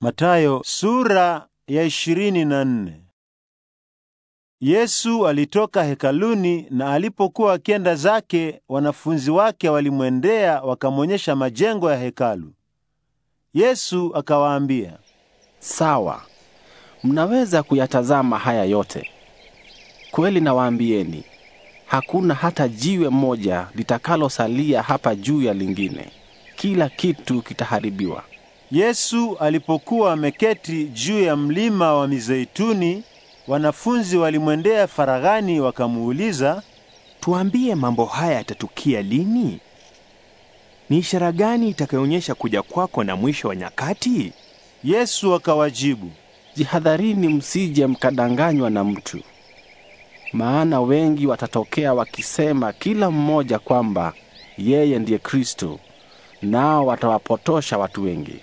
Matayo sura ya ishirini na nne. Yesu alitoka hekaluni na alipokuwa akienda zake, wanafunzi wake walimwendea wakamwonyesha majengo ya hekalu. Yesu akawaambia, sawa, mnaweza kuyatazama haya yote. Kweli nawaambieni, hakuna hata jiwe moja litakalosalia hapa juu ya lingine. Kila kitu kitaharibiwa. Yesu alipokuwa ameketi juu ya mlima wa Mizeituni, wanafunzi walimwendea faraghani wakamuuliza, tuambie mambo haya yatatukia lini? Ni ishara gani itakayoonyesha kuja kwako na mwisho wa nyakati? Yesu akawajibu, jihadharini msije mkadanganywa na mtu, maana wengi watatokea wakisema kila mmoja kwamba yeye ndiye Kristo, nao watawapotosha watu wengi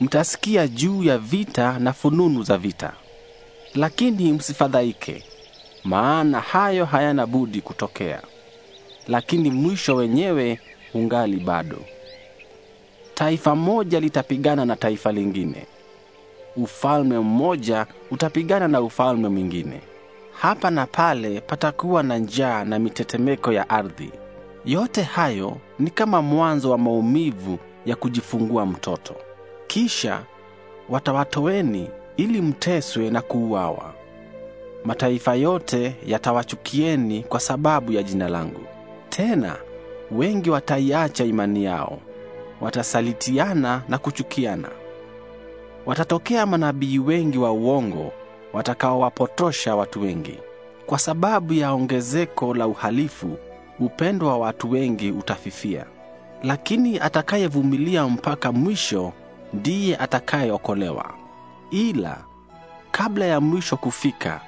mtasikia juu ya vita na fununu za vita, lakini msifadhaike, maana hayo hayana budi kutokea, lakini mwisho wenyewe ungali bado. Taifa moja litapigana na taifa lingine, ufalme mmoja utapigana na ufalme mwingine. Hapa na pale patakuwa na njaa na mitetemeko ya ardhi. Yote hayo ni kama mwanzo wa maumivu ya kujifungua mtoto kisha watawatoweni ili mteswe na kuuawa. Mataifa yote yatawachukieni kwa sababu ya jina langu. Tena wengi wataiacha imani yao, watasalitiana na kuchukiana. Watatokea manabii wengi wa uongo watakaowapotosha watu wengi. Kwa sababu ya ongezeko la uhalifu, upendo wa watu wengi utafifia, lakini atakayevumilia mpaka mwisho ndiye atakayeokolewa. Ila kabla ya mwisho kufika,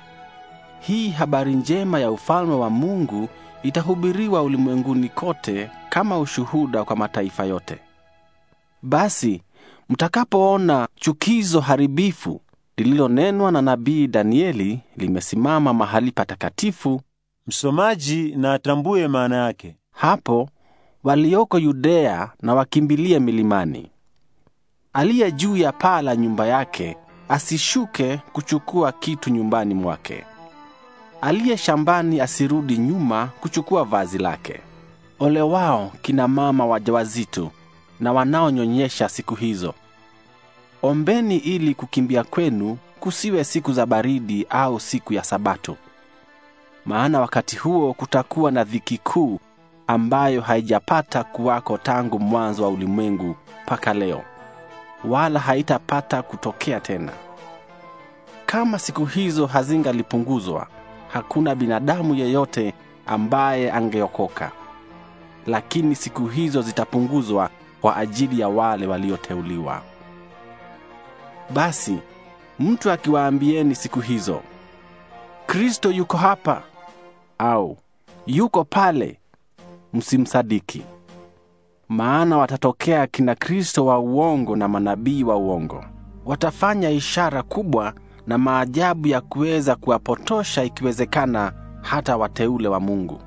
hii habari njema ya ufalme wa Mungu itahubiriwa ulimwenguni kote kama ushuhuda kwa mataifa yote. Basi mtakapoona chukizo haribifu lililonenwa na nabii Danieli limesimama mahali patakatifu, msomaji na atambue maana yake. Hapo walioko Yudea na wakimbilie milimani aliye juu ya paa la nyumba yake asishuke kuchukua kitu nyumbani mwake. Aliye shambani asirudi nyuma kuchukua vazi lake. Ole wao kina mama wajawazito na wanaonyonyesha siku hizo. Ombeni ili kukimbia kwenu kusiwe siku za baridi au siku ya Sabato, maana wakati huo kutakuwa na dhiki kuu ambayo haijapata kuwako tangu mwanzo wa ulimwengu mpaka leo wala haitapata kutokea tena. Kama siku hizo hazingalipunguzwa, hakuna binadamu yeyote ambaye angeokoka. Lakini siku hizo zitapunguzwa kwa ajili ya wale walioteuliwa. Basi mtu akiwaambieni siku hizo, Kristo yuko hapa au yuko pale, msimsadiki maana watatokea kina Kristo wa uongo na manabii wa uongo. Watafanya ishara kubwa na maajabu ya kuweza kuwapotosha ikiwezekana hata wateule wa Mungu.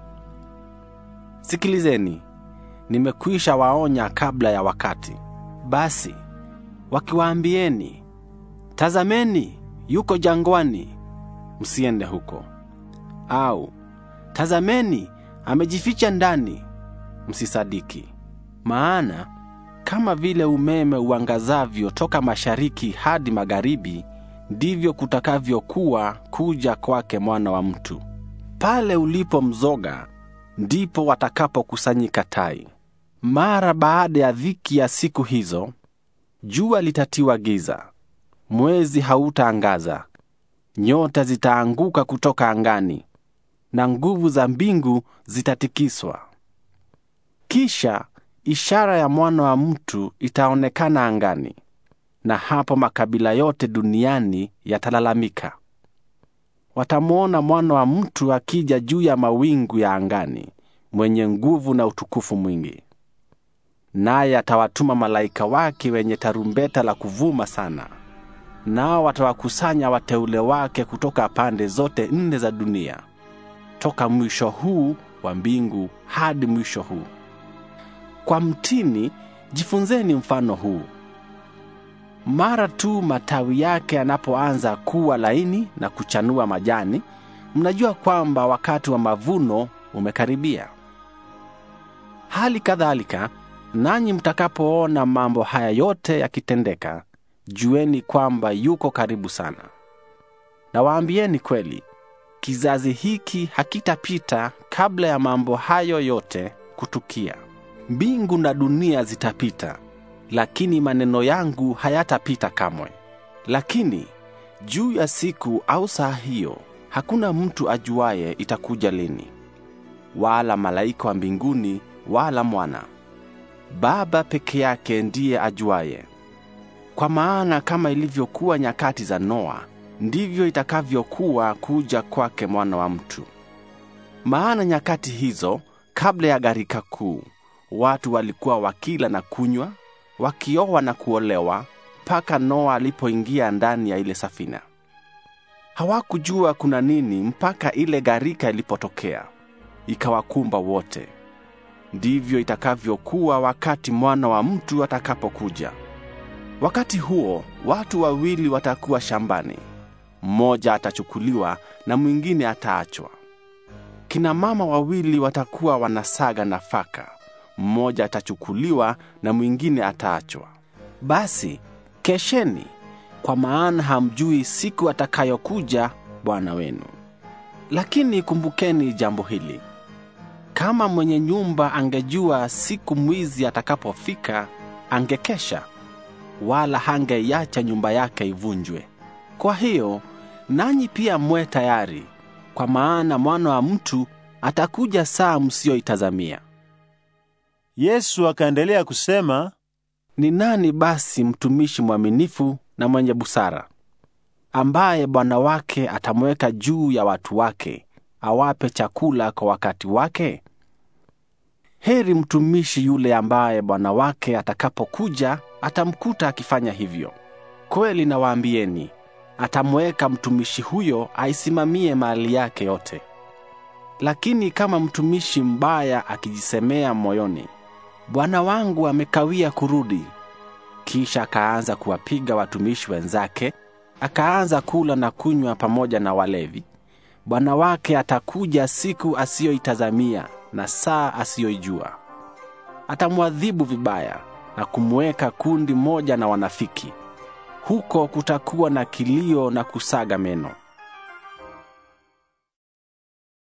Sikilizeni, nimekwisha waonya kabla ya wakati. Basi wakiwaambieni, tazameni yuko jangwani, msiende huko; au tazameni amejificha ndani, msisadiki. Maana kama vile umeme uangazavyo toka mashariki hadi magharibi, ndivyo kutakavyokuwa kuja kwake Mwana wa Mtu. Pale ulipo mzoga, ndipo watakapokusanyika tai. Mara baada ya dhiki ya siku hizo, jua litatiwa giza, mwezi hautaangaza, nyota zitaanguka kutoka angani, na nguvu za mbingu zitatikiswa. Kisha ishara ya mwana wa mtu itaonekana angani, na hapo makabila yote duniani yatalalamika. Watamwona mwana wa mtu akija juu ya mawingu ya angani, mwenye nguvu na utukufu mwingi. Naye atawatuma malaika wake wenye tarumbeta la kuvuma sana, nao watawakusanya wateule wake kutoka pande zote nne za dunia, toka mwisho huu wa mbingu hadi mwisho huu. Kwa mtini jifunzeni mfano huu. Mara tu matawi yake yanapoanza kuwa laini na kuchanua majani, mnajua kwamba wakati wa mavuno umekaribia. Hali kadhalika, nanyi mtakapoona mambo haya yote yakitendeka, jueni kwamba yuko karibu sana. Nawaambieni kweli, kizazi hiki hakitapita kabla ya mambo hayo yote kutukia. Mbingu na dunia zitapita, lakini maneno yangu hayatapita kamwe. Lakini juu ya siku au saa hiyo hakuna mtu ajuaye itakuja lini, wala malaika wa mbinguni, wala mwana, Baba peke yake ndiye ajuaye. Kwa maana kama ilivyokuwa nyakati za Noa, ndivyo itakavyokuwa kuja kwake Mwana wa Mtu. Maana nyakati hizo kabla ya gharika kuu watu walikuwa wakila na kunywa, wakioa na kuolewa, mpaka Noa alipoingia ndani ya ile safina. Hawakujua kuna nini mpaka ile gharika ilipotokea ikawakumba wote. Ndivyo itakavyokuwa wakati mwana wa mtu atakapokuja. Wakati huo watu wawili watakuwa shambani, mmoja atachukuliwa na mwingine ataachwa. Kina mama wawili watakuwa wanasaga nafaka, mmoja atachukuliwa na mwingine ataachwa. Basi kesheni, kwa maana hamjui siku atakayokuja Bwana wenu. Lakini kumbukeni jambo hili, kama mwenye nyumba angejua siku mwizi atakapofika, angekesha wala hangeiacha nyumba yake ivunjwe. Kwa hiyo nanyi pia mwe tayari, kwa maana mwana wa mtu atakuja saa msiyoitazamia. Yesu akaendelea kusema, ni nani basi mtumishi mwaminifu na mwenye busara ambaye bwana wake atamweka juu ya watu wake awape chakula kwa wakati wake? Heri mtumishi yule ambaye bwana wake atakapokuja atamkuta akifanya hivyo. Kweli nawaambieni, atamweka mtumishi huyo aisimamie mali yake yote. Lakini kama mtumishi mbaya akijisemea moyoni bwana wangu amekawia kurudi. Kisha akaanza kuwapiga watumishi wenzake, akaanza kula na kunywa pamoja na walevi. Bwana wake atakuja siku asiyoitazamia na saa asiyoijua. Atamwadhibu vibaya na kumweka kundi moja na wanafiki. Huko kutakuwa na kilio na kusaga meno.